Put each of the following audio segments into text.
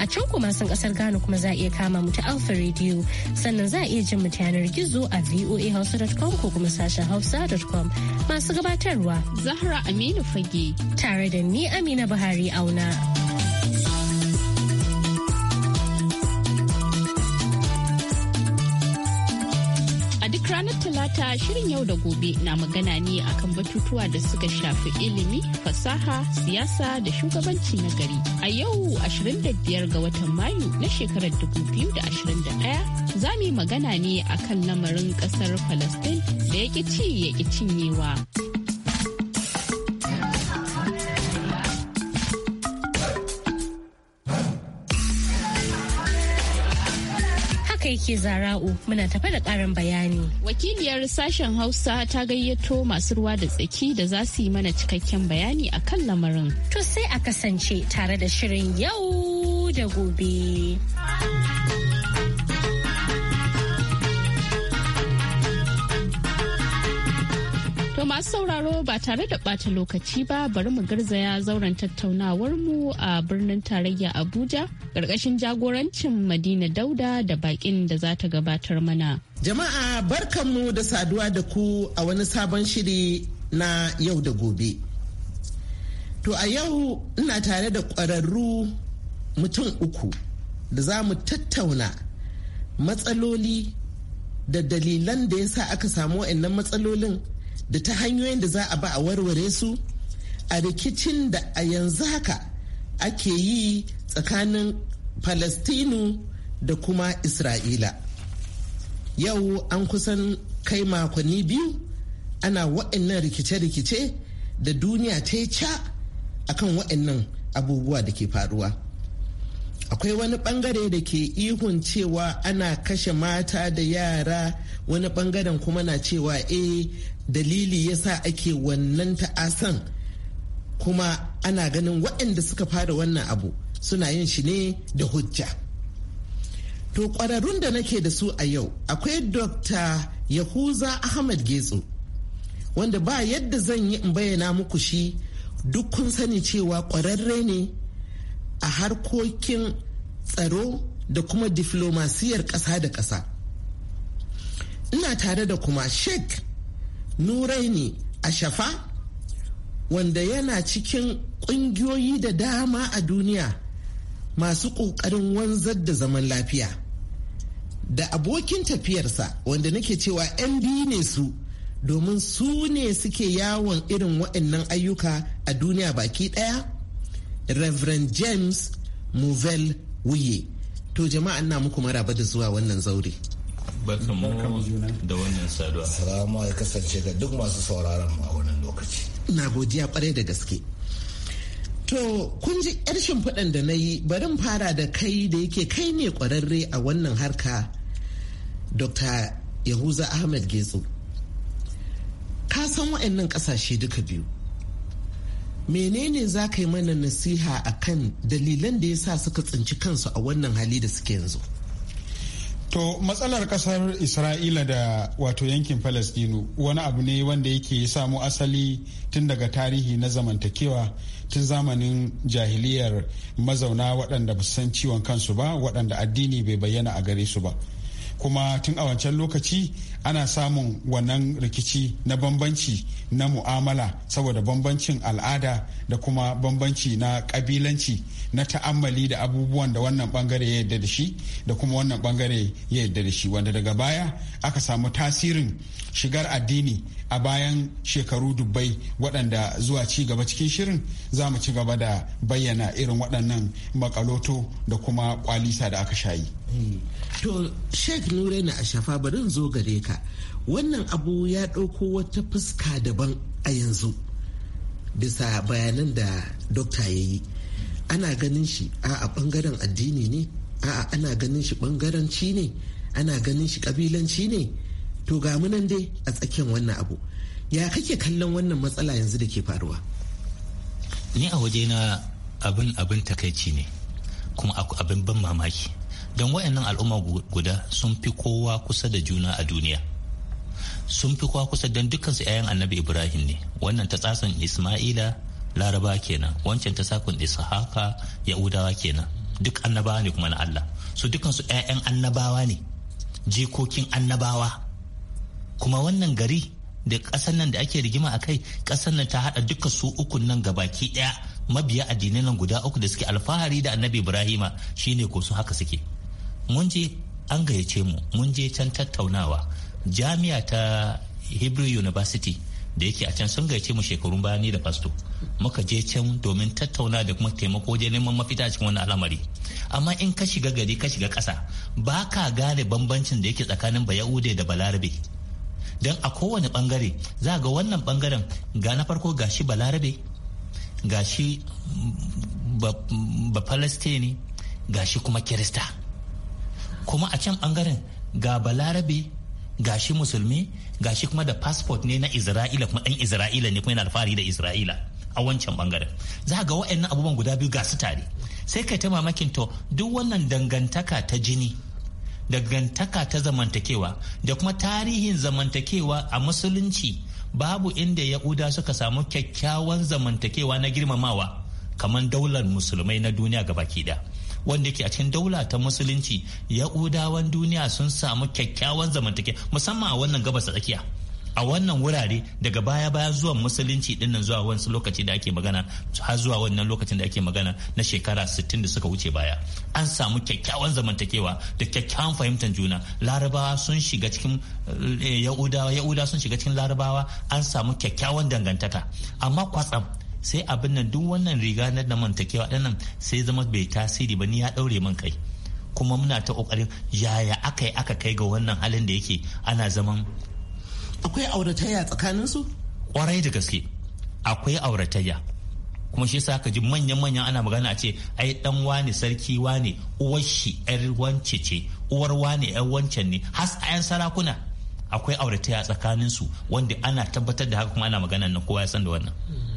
a can kuma sun kasar Ghana kuma za a iya kama mu ta Alpha Radio sannan za a iya jin mu ta yanar gizo a voahausa.com ko kuma sashen hausa.com masu gabatarwa Zahra Aminu Fage tare da ni Amina Buhari auna. shirin yau da gobe na magana ne akan batutuwa da suka shafi ilimi, fasaha, siyasa da shugabanci na gari. A yau 25 ga watan Mayu na shekarar 2021 za mu yi magana ne akan lamarin kasar Falastin da ya ci ya ƙi cinyewa. yake zara'u muna tafa da karin bayani. Wakiliyar sashen Hausa ta gayyato masu ruwa da tsaki da za su yi mana cikakken bayani a kan lamarin. To sai a kasance tare da shirin yau da gobe. To masu sauraro ba tare da ɓata lokaci ba bari mu garzaya zauren tattaunawar mu a birnin tarayya Abuja ƙarƙashin jagorancin Madina Dauda da baƙin da za ta gabatar mana. Jama'a barkanmu da saduwa da ku a wani sabon shiri na yau da gobe. To a yau ina tare da ƙwararru mutum uku da za mu tattauna matsaloli da dalilan da ya sa aka samu wa'annan matsalolin da ta hanyoyin da za a ba a warware su a rikicin da a yanzu haka ake yi tsakanin palestinu da kuma isra'ila yau an kusan kai makonni biyu ana wa'annan rikice-rikice da duniya ta yi ca akan wa'annan abubuwa da ke faruwa akwai wani bangare da ke ihun cewa ana kashe mata da yara wani bangaren kuma na cewa eh dalili ya sa ake wannan ta'asan kuma ana ganin waɗanda suka fara wannan abu suna yin shi ne da hujja to ƙwararrun da nake da su a yau akwai dr yahuza ahmad getso wanda ba yadda zan yi in bayyana muku shi duk kun sani cewa ƙwararre ne a harkokin tsaro da kuma diflomasiyar ƙasa da ƙasa ina tare da kuma sheikh nuraini shafa wanda yana cikin ƙungiyoyi da dama a duniya masu ƙoƙarin wanzar da zaman lafiya da abokin tafiyarsa wanda nake cewa 'yan biyu ne su domin su ne suke yawon irin waɗannan ayyuka a duniya baki ɗaya reverend james movell wuye to jama'a na muku maraba da zuwa wannan zaure barkamu da wannan saduwa salamu ya kasance ga duk masu sauraron a wannan lokaci na godiya kwarai da gaske to kun ji yar shimfiɗan da na yi barin fara da kai da yake kai ne ƙwararre a wannan harka dr yahuza ahmed getso ka san wa'annan ƙasashe duka biyu menene za ka yi mana nasiha akan dalilan da ya sa suka tsinci kansu a wannan hali da suke yanzu To matsalar kasar Isra'ila da wato yankin Falasdinu wani abu ne wanda yake samu asali tun daga tarihi na zamantakewa tun zamanin jahiliyar mazauna waɗanda ba san ciwon kansu ba waɗanda addini bai bayyana a gare su ba. kuma tun a wancan lokaci ana samun wannan rikici na bambanci na mu'amala saboda bambancin al'ada da kuma bambanci na kabilanci na ta'ammali da abubuwan da wannan bangare ya yadda da shi da kuma wannan bangare ya yadda da shi wanda daga baya aka samu tasirin shigar addini a bayan shekaru dubbai waɗanda zuwa ci gaba cikin shirin za mu ci gaba da bayyana irin waɗannan makaloto da kuma kwalisa da aka shayi. to a shafa ba barin zo gare ka wannan abu ya ɗauko wata fuska daban a yanzu bisa bayanan da dokta ya yi ana ganin shi a ɓangaren addini ne a ana ganin shi bangaranci ne ana ganin shi kabilanci ne to ga munan dai a tsakiyar wannan abu ya kake kallon wannan matsala yanzu da ke faruwa ni a waje na abin abin takaici ne kuma abin ban mamaki don wayannan al'umma guda sun fi kowa kusa da juna a duniya sun fi kowa kusa don dukkansu 'ya'yan annabi ibrahim ne wannan ta tsasan isma'ila laraba kenan wancan ta sakon ishaka yahudawa kenan duk annabawa ne kuma na allah su dukkansu 'ya'yan annabawa ne jikokin annabawa kuma wannan gari da ƙasar nan da ake rigima a kai ƙasar nan ta haɗa duka su ukun nan gabaki ɗaya mabiya addinai nan guda uku da suke alfahari da annabi ibrahima shine ko su haka suke mun je an gayyace mu mun je can tattaunawa jami'a ta hebrew university da yake a can sun gayyace mu shekarun bayani da fasto muka je can domin tattauna da kuma taimako wajen neman mafita cikin wani al'amari amma in ka shiga gari ka shiga ƙasa ba ka gane bambancin da yake tsakanin bayahude da balarabe don a kowane bangare za ga wannan bangaren ga na farko ga shi balarabe ga shi ba palestini ga shi kuma kirista kuma a can bangaren ga balarabe gashi musulmi gashi kuma da passport ne na isra'ila kuma ɗan isra'ila ne kuma yana alfahari da isra'ila a wancan bangaren za ga wa'annan abubuwan guda biyu ga su tare sai kai ta mamakin to duk wannan dangantaka ta jini dangantaka ta zamantakewa da kuma tarihin zamantakewa a musulunci babu inda yahuda suka samu kyakkyawan zamantakewa na girmamawa kamar daular musulmai na duniya gabaki da wanda yake a cikin daula ta musulunci yahudawan duniya sun samu kyakkyawan zamantake musamman a wannan gabas tsakiya a wannan wurare daga baya baya zuwan musulunci dinnan zuwa wani lokaci da ake magana har zuwa wannan lokacin da ake magana na shekara 60 da suka wuce baya an samu kyakkyawan zamantakewa da kyakkyawan fahimtar juna larabawa sun shiga cikin eh, yahudawa yahudawa sun shiga cikin larabawa an samu kyakkyawan dangantaka amma kwatsam sai abin nan duk wannan riga na da mantakewa ɗanan sai zama bai tasiri ba ni ya ɗaure man kai kuma muna ta ƙoƙarin yaya aka yi aka kai ga wannan halin da yake ana zaman akwai auratayya tsakanin su kwarai da gaske akwai auratayya kuma shi yasa ka ji manyan manyan ana magana a ce ai dan wani sarki wani uwar shi yar wance ce uwar wani yar wancan ne has yan sarakuna akwai auratayya tsakanin su wanda ana tabbatar da haka kuma ana magana nan kowa ya san da wannan hmm.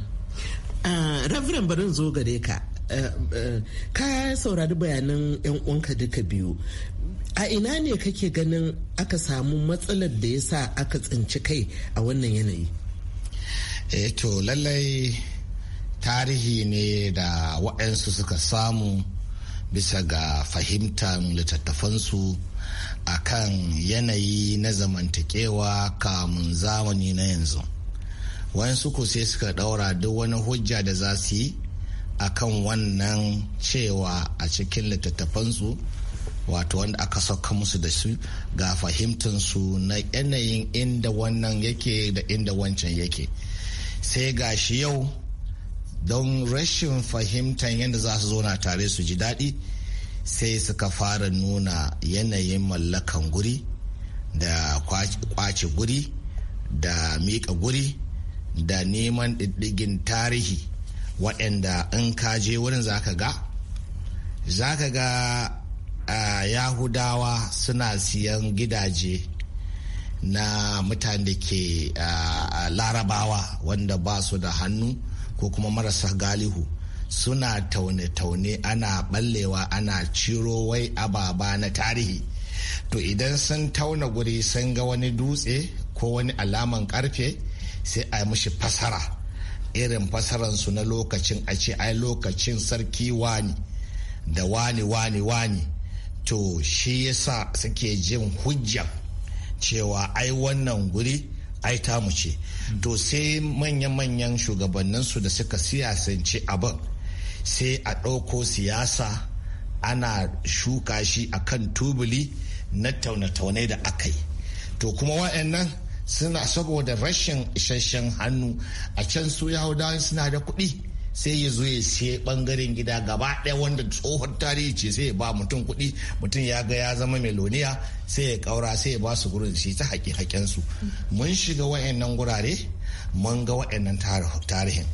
Ah, Reverend barin zo gare ka. Eh, eh, ka saurari bayanan 'yan uwanka duka biyu. A ina ne kake ganin aka samu matsalar da ya sa aka tsinci kai a wannan yanayi? eto eh, to lallai tarihi ne da waɗansu suka samu bisa ga fahimtar littattafansu a kan yanayi na zamantakewa kamun zamani na yanzu. wayansu ko sai suka daura duk wani hujja da za su yi a kan wannan cewa a cikin littattafansu wato wanda aka sauka musu da su ga fahimtansu na yanayin inda wannan yake da inda wancan yake sai ga shi yau don rashin fahimtar yadda za su zauna tare su ji daɗi sai suka fara nuna yanayin mallakan guri da kwace guri da miƙa guri da neman diddigin tarihi waɗanda in ka je wurin za ka ga za ka ga yahudawa suna siyan gidaje na mutane da ke larabawa wanda ba su da hannu ko kuma marasa galihu suna taune-taune ana ɓallewa ana ciro wai ababa na tarihi to idan sun tauna guri sun ga wani dutse ko wani alaman karfe sai a yi mishi fasara irin fasaransu na lokacin a ce ai lokacin sarki wani da wani wani wani to shi yasa suke jin hujja cewa ai wannan guri ai mu ce to sai manya-manyan shugabanninsu da suka siyasance abin sai a ɗauko siyasa ana shuka shi a kan tubuli na taune-taune da aka yi to kuma wa'annan suna saboda rashin isasshen hannu a can su yahudawan suna da kuɗi sai ya zo ya sai bangaren gida gaba ɗaya wanda tsohon tarihi ce sai ya ba mutum kuɗi mutum ya ga ya zama meloniya sai ya kaura sai ya ba su gurin shi ta haƙi haƙensu mun shiga wa'annan gurare mun ga wa'annan tarihin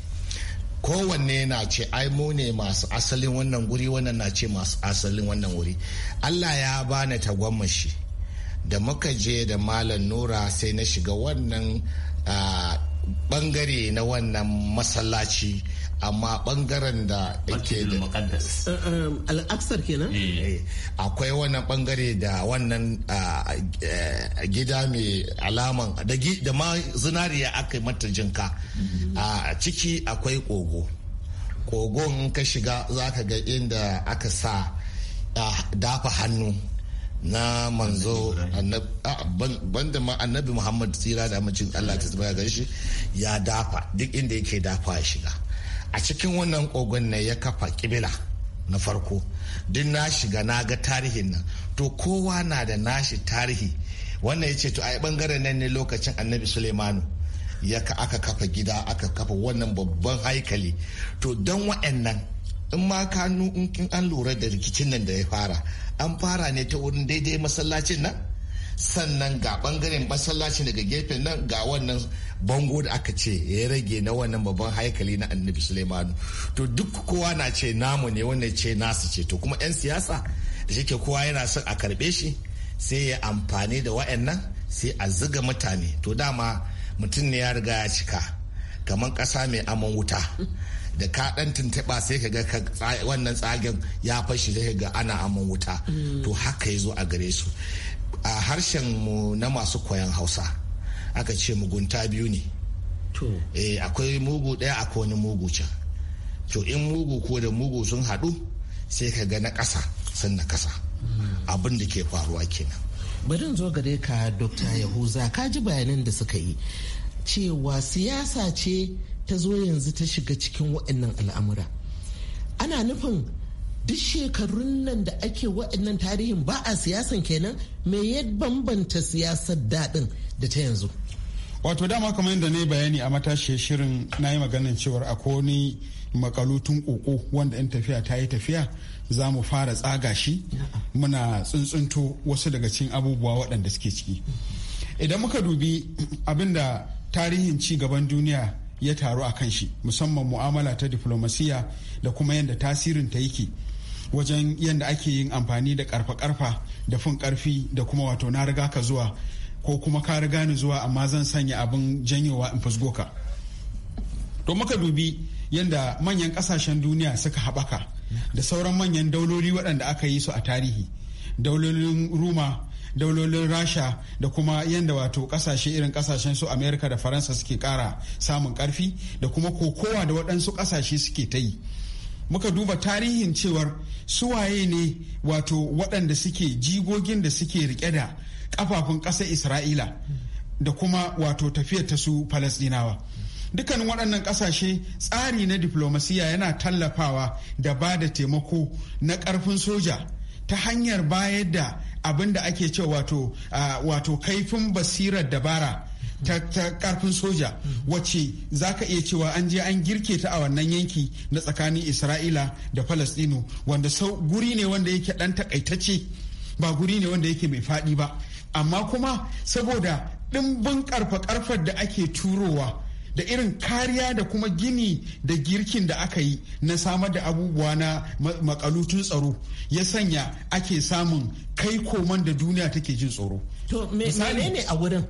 kowanne na ce ai mu ne masu asalin wannan guri wannan na ce masu asalin wannan wuri allah ya bani tagwammashi da muka je da malam nura sai na shiga wannan bangare na wannan masallaci amma bangaren da ke da um, al'aksar kenan eh. Eh, akwai wannan bangare da wannan gida mai alaman da ma zinariya aka yi mata jinka mm-hmm. a ciki akwai kogo kogon ka shiga za ka ga inda aka sa dafa hannu na manzo banda ma annabi muhammad tsira da amincin allah ta zama ya shi ya dafa duk inda yake dafa ya shiga a cikin wannan kogon na ya kafa kibila na farko duk na shiga na ga tarihin nan to kowa na da nashi tarihi wannan ya ce to a bangaren nan ne lokacin annabi suleimanu ya aka kafa gida aka kafa wannan babban haikali to don wa'annan in ma kanu in an lura da rikicin nan da ya fara an fara ne ta wurin daidai masallacin nan sannan ga bangaren masallacin daga gefen nan ga wannan bango da aka ce ya rage na wannan babban haikali na annabi sulaimanu to duk kowa na ce namu ne wannan ce nasu ce to kuma 'yan siyasa da shi kowa yana son a karbe shi sai ya amfani da wa'annan sai a ziga mutane to dama mutum ne ya riga ya cika kamar ƙasa mai aman wuta da ka dan tuntuɓa sai ka ga wannan tsagen ya fashe sai ga ana aman wuta mm. to haka ya zo a gare su a harshen mu na masu koyan hausa aka ce mugunta biyu ne e akwai mugu ɗaya akwai wani mugu can to in mugu ko da mugu sun haɗu sai ka ga na ƙasa sun na ƙasa mm. abin da ke faruwa kenan bari zo gare ka dokta yahuza ka ji bayanan da suka yi cewa siyasa ce ta zo yanzu ta shiga cikin waɗannan al'amura ana nufin duk shekarun nan da ake waɗannan tarihin ba a siyasan kenan me ya bambanta siyasar daɗin da ta yanzu wato dama kamar yadda yi bayani a matashi shirin na yi maganin cewar a wani makalutun koko wanda in tafiya ta yi tafiya za mu fara tsaga shi muna tsuntsunto wasu daga cikin abubuwa waɗanda suke ciki idan muka dubi abinda tarihin ci gaban duniya ya taru a kan shi musamman mu'amala ta diflomasiya da kuma yadda tasirin ta yake wajen yadda ake yin amfani da karfa-karfa da fin karfi da kuma wato na riga ka zuwa ko kuma ka riga ni zuwa amma zan sanya abin janyowa in fusgo ka to muka dubi yadda manyan kasashen duniya suka haɓaka da sauran manyan dauloli waɗanda aka yi su a tarihi daulolin ruma daulolin rasha da kuma yadda wato kasashe irin kasashen su amerika da faransa suke kara samun karfi da kuma kokowa da waɗansu kasashe suke ta yi muka duba tarihin cewar suwaye ne wato waɗanda suke jigogin da suke rike da kafafun ƙasar isra'ila da kuma wato tafiyar ta su falasdinawa dukkanin waɗannan ƙasashe tsari na diflomasiya yana tallafawa da ba da taimako na ƙarfin soja ta hanyar bayar da abin da ake cewa wato kaifin basirar dabara ta, karfin soja wacce za ka iya cewa an je an girke ta a wannan yanki na tsakanin isra'ila da falastinu wanda sau guri ne wanda yake dan takaitacce ba guri ne wanda yake mai faɗi ba amma kuma saboda ɗimbin karfa karfar da ake turowa da irin kariya da kuma gini da girkin da aka yi na samar da abubuwa na makalutun tsaro ya sanya ake samun kai koman da duniya take jin tsoro. To ne a wurin?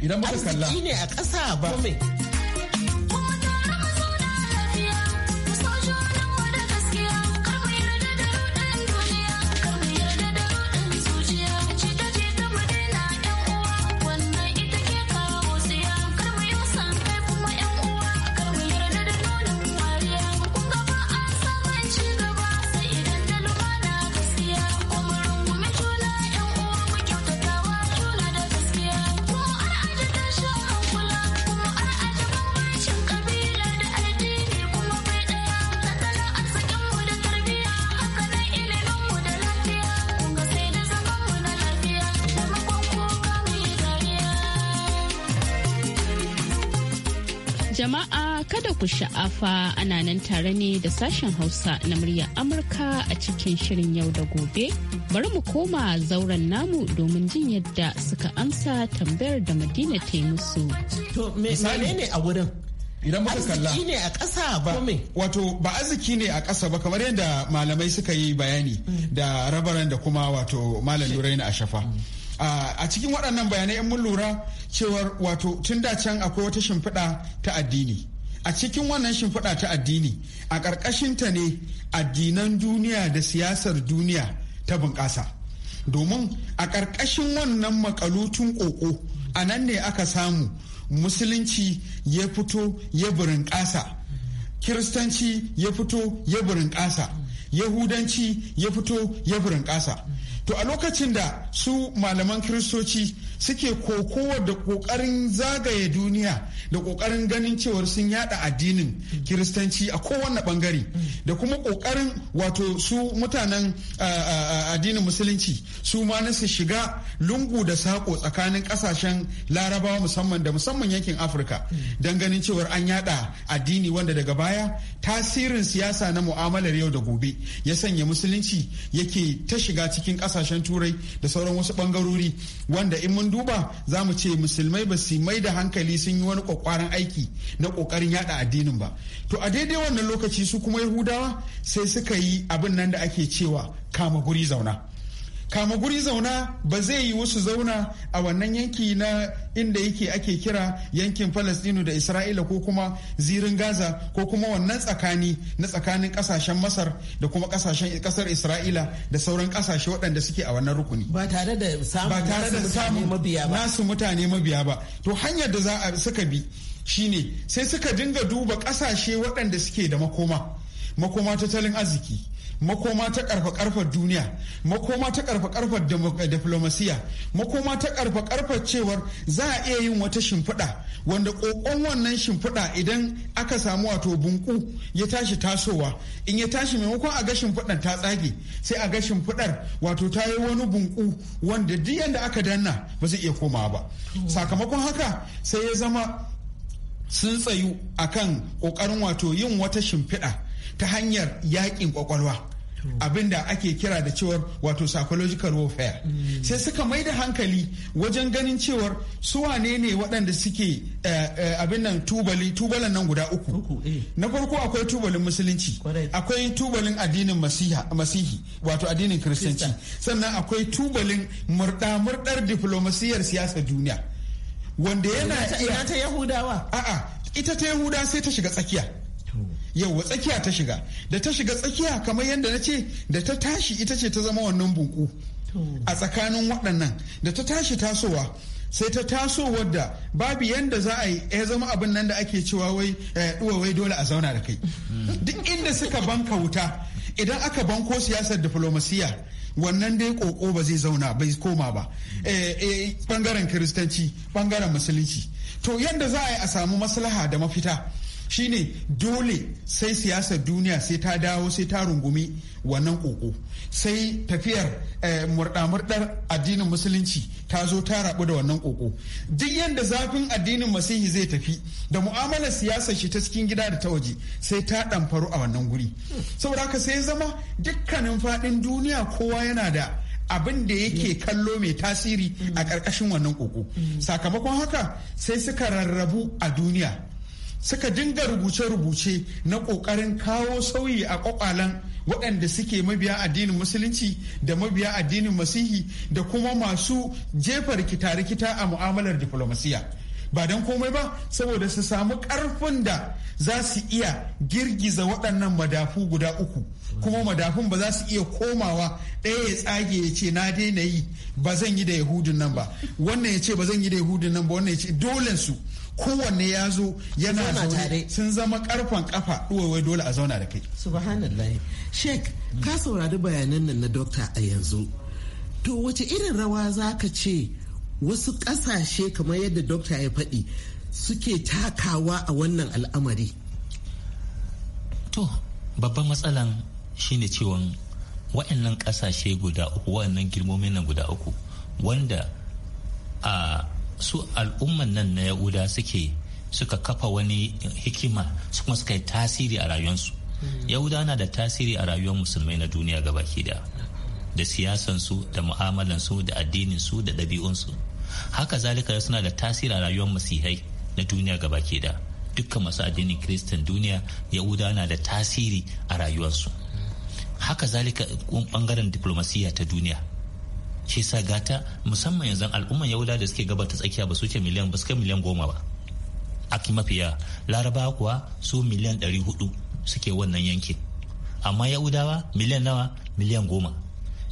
Idan muka kalla. ne a ƙasa ba. Jama'a kada ku sha'afa ana nan tare ne da sashen Hausa na murya Amurka a cikin shirin yau da gobe. Bari mu koma zauren namu domin jin yadda suka amsa tambayar da Madina ta yi musu. To, me ne a wurin? idan muka kalla arziki ne a ƙasa ba wato ba arziki ne a ƙasa ba kamar yadda malamai suka yi bayani mm. da rabaran da kuma wato malam a Ashafa. Mm. a cikin waɗannan bayanai in mun lura cewar wato tun da can akwai wata shimfiɗa ta addini a cikin wannan shimfiɗa ta addini a ƙarƙashin ta ne addinan duniya da siyasar duniya ta bunƙasa domin a ƙarƙashin wannan makalutun ƙoƙo a nan ne aka samu musulunci ya fito ya burin ƙasa kiristanci ya fito ya burin ƙasa yahudanci ya fito ya burin ƙasa to a lokacin da su malaman kiristoci suke kokowa da kokarin zagaye duniya da kokarin ganin cewar sun yada addinin kiristanci a kowane bangare da kuma kokarin wato su mutanen addinin musulunci su ma na su shiga lungu da sako tsakanin kasashen larabawa musamman da musamman yankin afirka don ganin cewar an yada addini wanda daga baya tasirin siyasa na mu'amalar yau da gobe ya sanya musulunci yake ta shiga cikin ƙasa kasashen turai da sauran wasu bangarori wanda in mun duba za mu ce musulmai ba su mai da hankali sun yi wani kwakwaran aiki na kokarin yada addinin ba to a daidai wannan lokaci su kuma yahudawa sai suka yi abin nan da ake cewa kama guri zauna kama guri zauna ba zai yi wasu zauna a wannan yanki na inda yake ake kira yankin falastinu da isra'ila ko kuma zirin gaza ko kuma wannan tsakani na tsakanin kasashen masar da kuma kasashen kasar isra'ila da sauran kasashe waɗanda suke a wannan rukuni ba tare da samun nasu mutane mabiya ba to hanyar da za a suka bi shine sai suka dinga duba kasashe waɗanda suke da makoma makoma tattalin arziki makoma ta karfa karfa duniya makoma ta karfa karfa eh, diplomasiya makoma ta karfa karfa cewar za a iya yin wata shimfiɗa wanda kokon wannan shimfiɗa idan aka samu wato bunku ya tashi tasowa in ya tashi maimakon a ga shimfiɗan ta tsage sai a ga shimfiɗar wato ta yi wani bunku wanda duk yanda aka danna ba zai iya komawa ba sakamakon haka sai ya zama sun tsayu akan kokarin wato yin wata shimfiɗa ta hanyar yakin kwakwalwa abin da ake kira da cewar wato psychological warfare mm. sai suka mai da hankali wajen ganin cewar su wane ne waɗanda suke eh, eh, abin nan tubali tubalan nan guda uku eh. na farko akwai tubalin musulunci akwai tubalin addinin masihi wato addinin kiristanci sannan akwai tubalin murɗa-murɗar diplomasiyar siyasar duniya wanda yana ita ta yahudawa a'a ita ta yahuda sai ta shiga tsakiya yauwa tsakiya ta shiga da ta shiga tsakiya kamar yadda na ce da ta tashi ita ce ta zama wannan bunku a tsakanin waɗannan da ta tashi tasowa sai ta taso wadda babu yadda za a yi ya zama abin nan da ake cewa wai ɗuwa eh, wai dole a zauna da kai duk inda suka banka wuta idan aka banko siyasar diflomasiyya wannan dai koko ba zai zauna bai koma ba eh, eh, ɓangaren kiristanci bangaren musulunci to yadda za a yi a samu maslaha da mafita shine dole sai siyasar duniya sai ta dawo sai ta rungumi wannan koko sai tafiyar eh, murɗa-murɗar addinin musulunci ta zo ta rabu da wannan koko duk yadda zafin addinin masihi zai tafi da mu'amalar siyasar shi ta cikin gida da ta waje sai ta ɗamfaru a wannan guri saboda haka sai zama dukkanin faɗin duniya kowa yana da abin da yake kallo mai tasiri a ƙarƙashin wannan koko sakamakon haka sai suka rarrabu a duniya suka dinga rubuce-rubuce na ƙoƙarin kawo sauyi a ƙwaƙwalan waɗanda suke mabiya addinin musulunci da mabiya addinin masihi da kuma masu jefa rikita-rikita a mu'amalar diflomasiya ba don komai ba saboda su samu ƙarfin da za su iya girgiza waɗannan madafu guda uku kuma madafun ba za su iya komawa ɗaya ya tsage ya ce na daina yi ba zan yi da yahudun nan ba wannan ya ce ba zan yi da yahudun nan ba wannan ya ce dolen su kowanne ya zo yana zaune sun zama karfan kafa wai dole a zauna da kai subhanallah sheik ka saurari bayanan nan na dokta a yanzu to wace irin rawa za ka ce wasu kasashe kamar yadda dokta ya faɗi suke takawa a wannan al'amari to babban matsalan shine ciwon wa'annan ƙasashe guda uku wa'annan girmomin nan guda uku wanda a ah, su al'umman nan na yahuda suke suka kafa wani hikima su kuma suka yi tasiri a rayuwarsu hmm. yahuda na da tasiri a rayuwar musulmai na duniya gabaki da da siyasansu da mu'amalansu da addininsu da ɗabi'unsu haka zalika suna da tasiri a rayuwar masihai na duniya gabaki da dukkan masu addinin kiristan duniya yahuda na da tasiri a rayuwarsu hmm. haka zalika bangaren diplomasiya ta duniya shi sa gata musamman yanzu al'umman yahuda da suke gabata tsakiya ba su ce miliyan ba su kai miliyan goma ba aki mafiya larabawa kuwa su miliyan ɗari hudu suke wannan yankin amma yahudawa miliyan nawa miliyan goma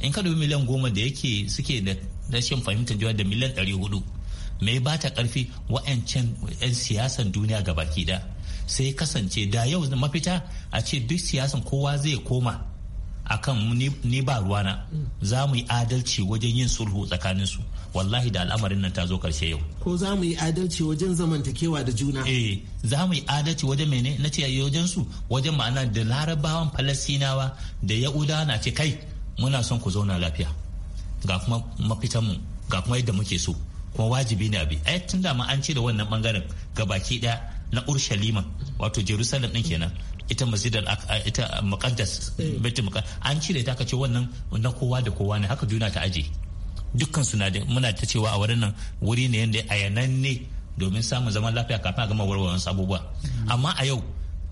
in ka dubi miliyan goma da yake suke da rashin fahimtar juna da miliyan ɗari hudu mai ba ta ƙarfi wa'ancan 'yan siyasan duniya gabaki ɗaya sai kasance da yau mafita a ce duk siyasan kowa zai koma akan ni ba ruwana za mu yi adalci wajen yin sulhu tsakanin su wallahi da al'amarin nan ta zo karshe yau ko za mu yi adalci wajen zamantakewa da juna eh za mu yi adalci wajen mene na ce wajen su wajen ma'ana da larabawan falastinawa da ya'uda na ce kai muna son ku zauna lafiya ga kuma mafitan mu ga kuma yadda muke so kuma wajibi ne abi ai eh, tun da ma an cire wannan bangaren ga baki daya na urshalima wato jerusalem din kenan ita masjidar ita muqaddas eh. baitul muqaddas an cire ta kace wannan na kowa da kowa ne haka duniya ta aje dukkan suna da muna ta cewa a wurin nan wuri ne yanda ayanan ne domin samun zaman lafiya kafin a gama warware abubuwa mm-hmm. amma a yau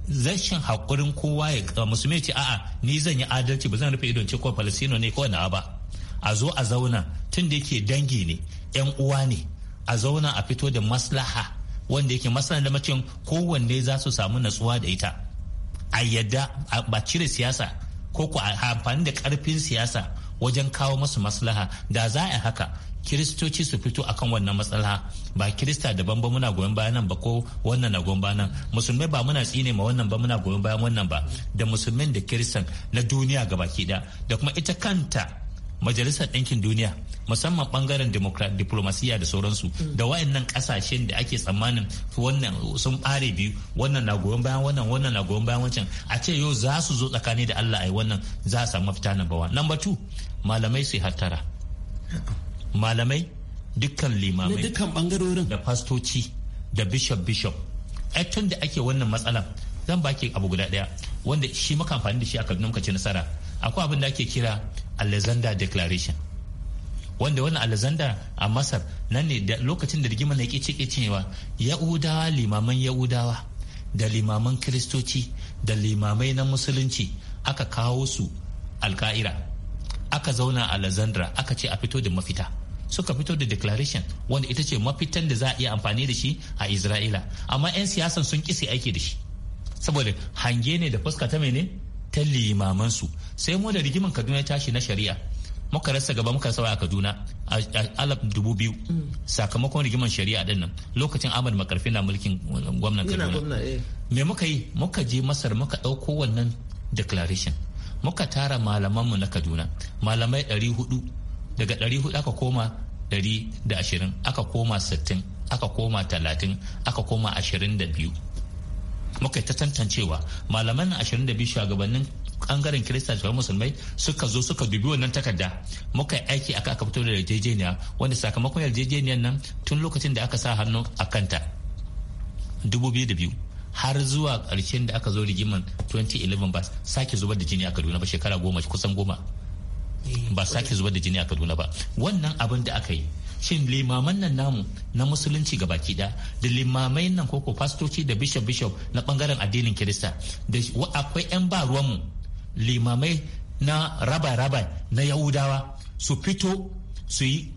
zashin hakurin kowa ya musulmi ce a'a ni zan yi adalci ba zan rufe ido ce ko palestino ne ko na ba a zo a zauna tun da yake dangi ne yan uwa ne a zauna a fito da maslaha wanda yake maslaha da macin kowanne za su samu natsuwa da ita a yadda ba cire siyasa ko ku amfani da karfin siyasa wajen kawo masu maslaha da za a haka kiristoci su fito akan wannan matsala ba kirista daban ba muna goyon bayan nan ba ko wannan na goyon bayan musulmai ba muna tsine ma wannan ba muna goyon bayan wannan ba da musulmin da kiristan na duniya gabaki da da kuma ita kanta majalisar ɗinkin duniya musamman bangaren diplomasiya da sauransu mm. da wayannan kasashen da ake tsammanin wannan sun bare biyu wannan na goyon bayan wannan wannan na goyon bayan wancan a ce yau za su zo tsakani da Allah ai wannan za a samu mafita na bawa. number two malamai su hattara malamai dukkan limamai dukkan da fastoci da bishop bishop ai tun da ake wannan matsalan zan baki abu guda daya wanda shi maka amfani da shi a Kaduna muka ci nasara akwai abin da ake kira alexander declaration wanda wani alexander a masar nan ne da lokacin da rigimar na kice cewa yahudawa limaman yahudawa da limaman kiristoci da limamai na musulunci aka kawo su alka'ira aka zauna alexandra aka ce a fito da mafita suka fito da declaration wanda ita ce mafitan da za a iya amfani da shi a isra'ila amma 'yan siyasan sun kisi aiki da shi saboda hange ne da fuska ta mene ta su sai mu da rigiman kaduna ya tashi na shari'a muka rasa gaba muka sauya kaduna a alaf dubu biyu sakamakon rigiman shari'a din nan lokacin ahmad makarfi na mulkin gwamnan kaduna eh. me muka yi muka je masar muka ɗauko wannan declaration muka tara mu na kaduna malamai ɗari hudu daga ɗari hudu aka koma ɗari da ashirin aka koma sittin aka koma talatin aka koma ashirin da biyu muka ta tantancewa malaman 22 shugabannin ɓangaren kirista da musulmai suka zo suka dubi wannan takarda muka yi aiki aka aka fito da yarjejeniya wanda sakamakon yarjejeniyar nan tun lokacin da aka sa hannu a kanta 2002 har zuwa ƙarshen da aka zo rigiman 2011 ba sake zubar da jini a kaduna ba shekara goma kusan goma ba sake zubar da jini a kaduna ba wannan abin da aka yi shin limaman nan namu na musulunci ga baki da da limamai nan koko fastoci da bishop bishop na bangaren addinin kirista da akwai yan ba ruwanmu limamai na raba-raba na yahudawa su fito su yi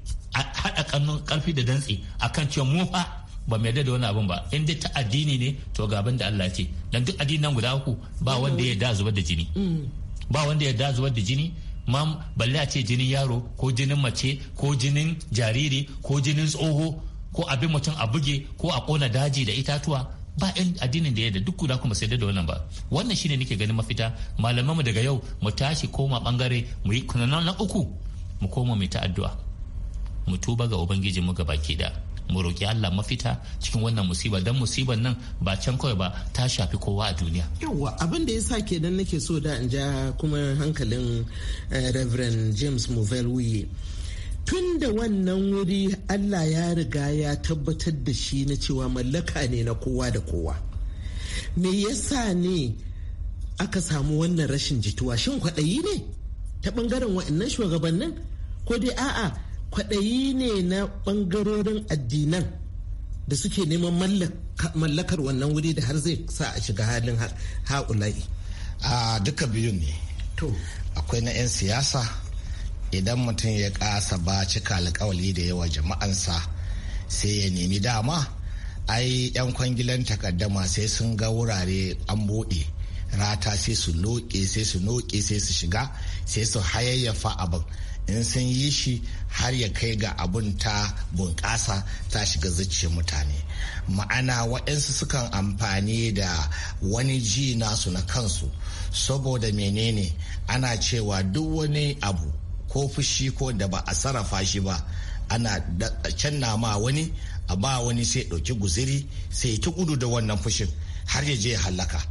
haɗa kannun karfi da dantse akan cewa mu fa ba mai da wani abin ba in dai ta addini ne to ga abin da Allah ce dan duk addinan guda uku ba wanda ya da zubar da jini mm. ba wanda ya da zubar da jini ma balle a ce jinin yaro ko jinin mace ko jinin jariri ko jinin tsoho ko abin mutum a buge ko a kona daji da itatuwa ba yan addinin da yadda duk guda kuma sai da wannan ba wannan shine nake ganin mafita malaman mu daga yau mu tashi koma bangare mu yi na uku mu koma mu ta addu'a mu tuba ga ubangijin mu gaba ke da mu roki Allah mafita cikin wannan musiba dan musibar nan ba can kawai ba ta shafi kowa a duniya yawa abin da ya sa ke kenan nake so da in ja kuma hankalin eh, Reverend James Muvelwi. tun da wannan wuri Allah ya riga ya tabbatar da shi na cewa mallaka ne na kowa da kowa me yasa ne aka samu wannan rashin jituwa shin kwaɗayi ne ta ɓangaren waɗannan shugabannin ko dai a'a kwaɗayi ne na ɓangarorin addinan da suke neman mallakar wannan wuri da har zai sa a shiga halin ha'ula'i a duka biyu ne to akwai na 'yan siyasa idan mutum ya ƙasa ba cika alkawali da yawa jama'ansa sai ya nemi dama ai 'yan kwangilan takaddama sai sun ga wurare an buɗe rata sai su noke sai su noƙe sai su shiga sai su hayayyafa abin in sun yi shi har ya kai ga abun ta bunƙasa ta shiga zuciyar mutane ma'ana waɗansu sukan amfani da wani ji nasu na kansu saboda menene ana cewa duk wani abu ko fushi ko da ba a sarrafa shi ba ana canna ma wani a ba wani sai ɗauki guziri sai ta gudu da wannan fushin har ya je halaka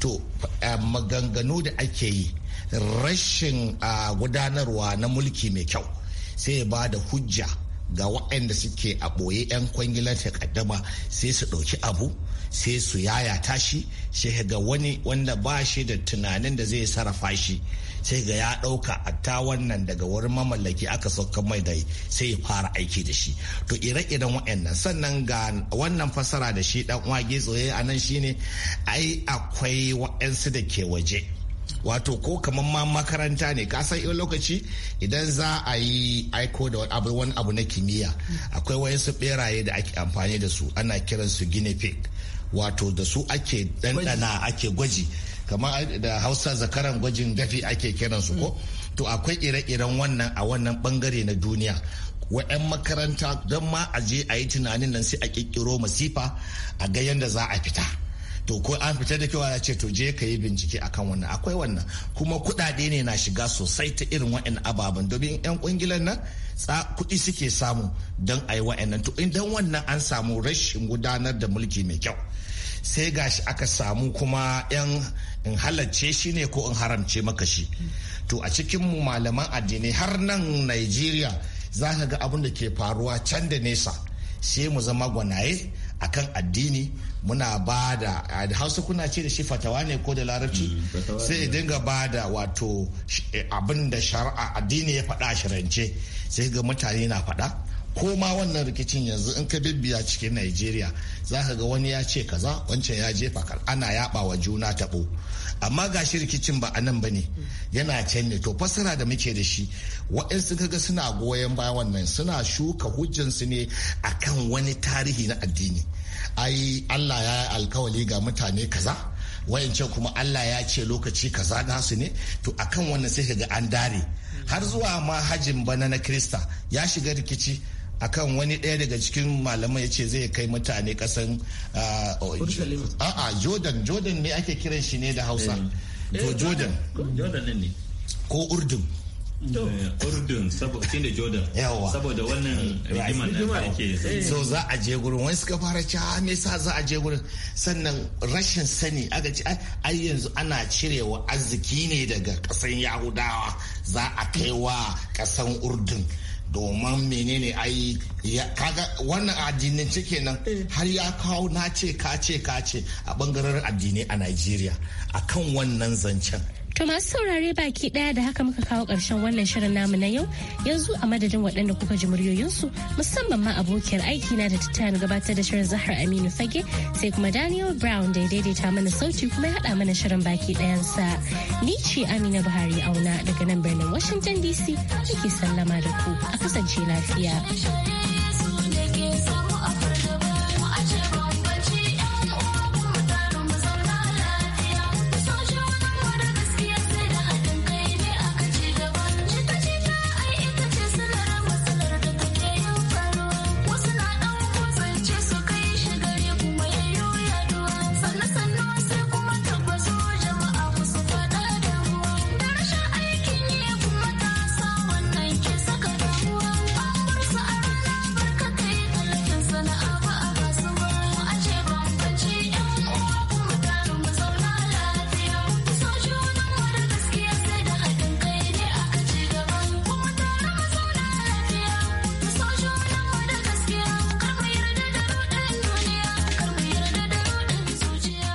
to eh, maganganu da ake yi rashin gudanarwa na mulki mai kyau sai ya ba da hujja ga waɗanda suke a ɓoye 'yan kwangilar takaddama sai su ɗauki abu sai su yaya tashi shi ga wani wanda ba shi da tunanin da zai sarrafa shi sai ga ya ɗauka a ta wannan daga wurin mamallaki aka sauka mai da sai ya fara aiki da shi to ire-iren waɗannan sannan ga wannan fasara da shi ɗan wage tsoye a nan shine ai akwai waɗansu da ke waje wato ko kamar ma makaranta ne ka san lokaci idan za a yi aiko da wani abu na kimiyya akwai su beraye da ake amfani da su ana kiran su guinea pig wato da su ake dandana ake gwaji kamar da hausa zakaran gwajin dafi ake kiran su ko to akwai ire-iren wannan a wannan bangare na duniya wa 'yan makaranta don ma a je a yi tunanin nan sai a kirkiro masifa a ga yadda za a fita to ko an fita da kyau ya ce to je ka yi bincike akan wannan akwai wannan kuma kudade ne na shiga sosai ta irin wa'in ababen domin 'yan kungilan nan kuɗi suke samu don a yi nan to idan wannan an samu rashin gudanar da mulki mai kyau sai gashi aka samu kuma 'yan in halarce shi ne ko in haramce maka shi to a cikin mu malaman addinai har nan Najeriya za ka ga abin da ke faruwa can da nesa sai mu zama gwanaye akan addini muna ba da hausa kuna ce da shi fatawa ne ko da larabci mm, sai idan dinga ba da wato eh, abin da shari'a addini ya faɗa shirance sai ga mutane na faɗa ko ma wannan rikicin yanzu in ka bibbiya cikin Najeriya za ka ga wani ya ce kaza wancan ya jefa ana yaba wa juna taɓo amma ga shi rikicin ba a nan ba ne yana can ne to fassara da muke da shi waɗansu kaga suna goyon bayan wannan suna shuka hujjansu ne akan wani tarihi na addini ai allah ya yi alkawali ga mutane kaza wayancan kuma allah ya ce lokaci kaza ga su ne to akan wannan sai ga an dare har zuwa ma hajin bana na krista ya shiga rikici akan wani ɗaya daga cikin malamai ya ce zai kai mutane kasan uh, a'a jordan jordan ne ake kiran shi ne da hausa eh. to eh, jordan ko urdun eh, urdun shi da jordan yawa saboda wannan rigiman da ake so za a je gurin wani suka fara ci ah, me sa za a je gurin sannan rashin sani aga ci ai yanzu ana cirewa arziki ne daga kasan yahudawa za a kai wa kasan urdun domin menene ai kaga wannan addinin cike nan eh. har ya kawo na ce ka ce ka ce a bangaren addinai a Najeriya akan wannan zancen To masu saurare baki daya da haka muka kawo ƙarshen wannan shirin namu na yau yanzu a madadin waɗanda kuka ji muryoyinsu musamman ma abokiyar aiki na da tattara gabatar da shirin zahar Aminu Fage sai kuma Daniel Brown da ya daidaita mana sauti kuma ya haɗa mana shirin baki ɗayansa. Ni ce Amina Buhari Auna daga nan birnin Washington DC ake sallama da ku a kasance lafiya.